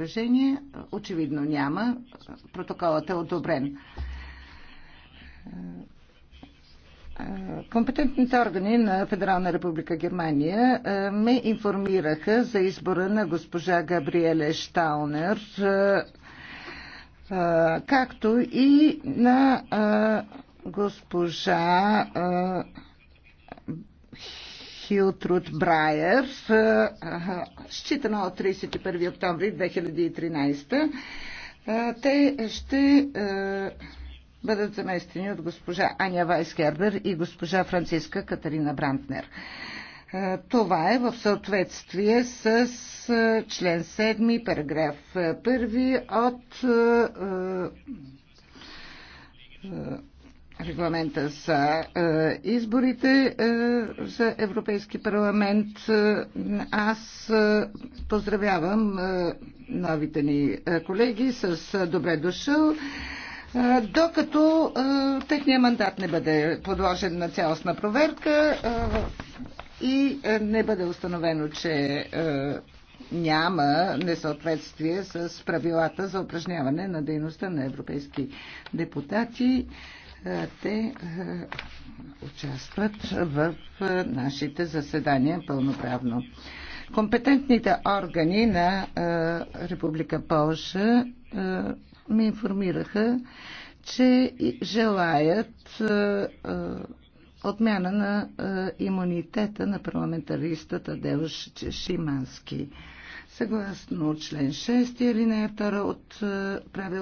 възражение? Очевидно няма. Протоколът е одобрен. Компетентните органи на Федерална република Германия е, ме информираха за избора на госпожа Габриеле Штаунер, е, е, както и на госпожа Хилтруд Брайер, считана от 31 октомври 2013. Те ще бъдат заместени от госпожа Аня Вайскербер и госпожа Франциска Катарина Брантнер. Това е в съответствие с член 7, параграф 1 от регламента за е, изборите е, за Европейски парламент. Е, аз поздравявам новите ни колеги с добре дошъл. Докато техният мандат не бъде подложен на цялостна проверка и не бъде установено, че няма несъответствие с правилата за упражняване на дейността на европейски депутати те е, участват в е, нашите заседания пълноправно. Компетентните органи на е, Република Полша ми информираха, че желаят отмяна на имунитета на парламентариста Тадеуш Шимански. Съгласно член 6 или 2 от правил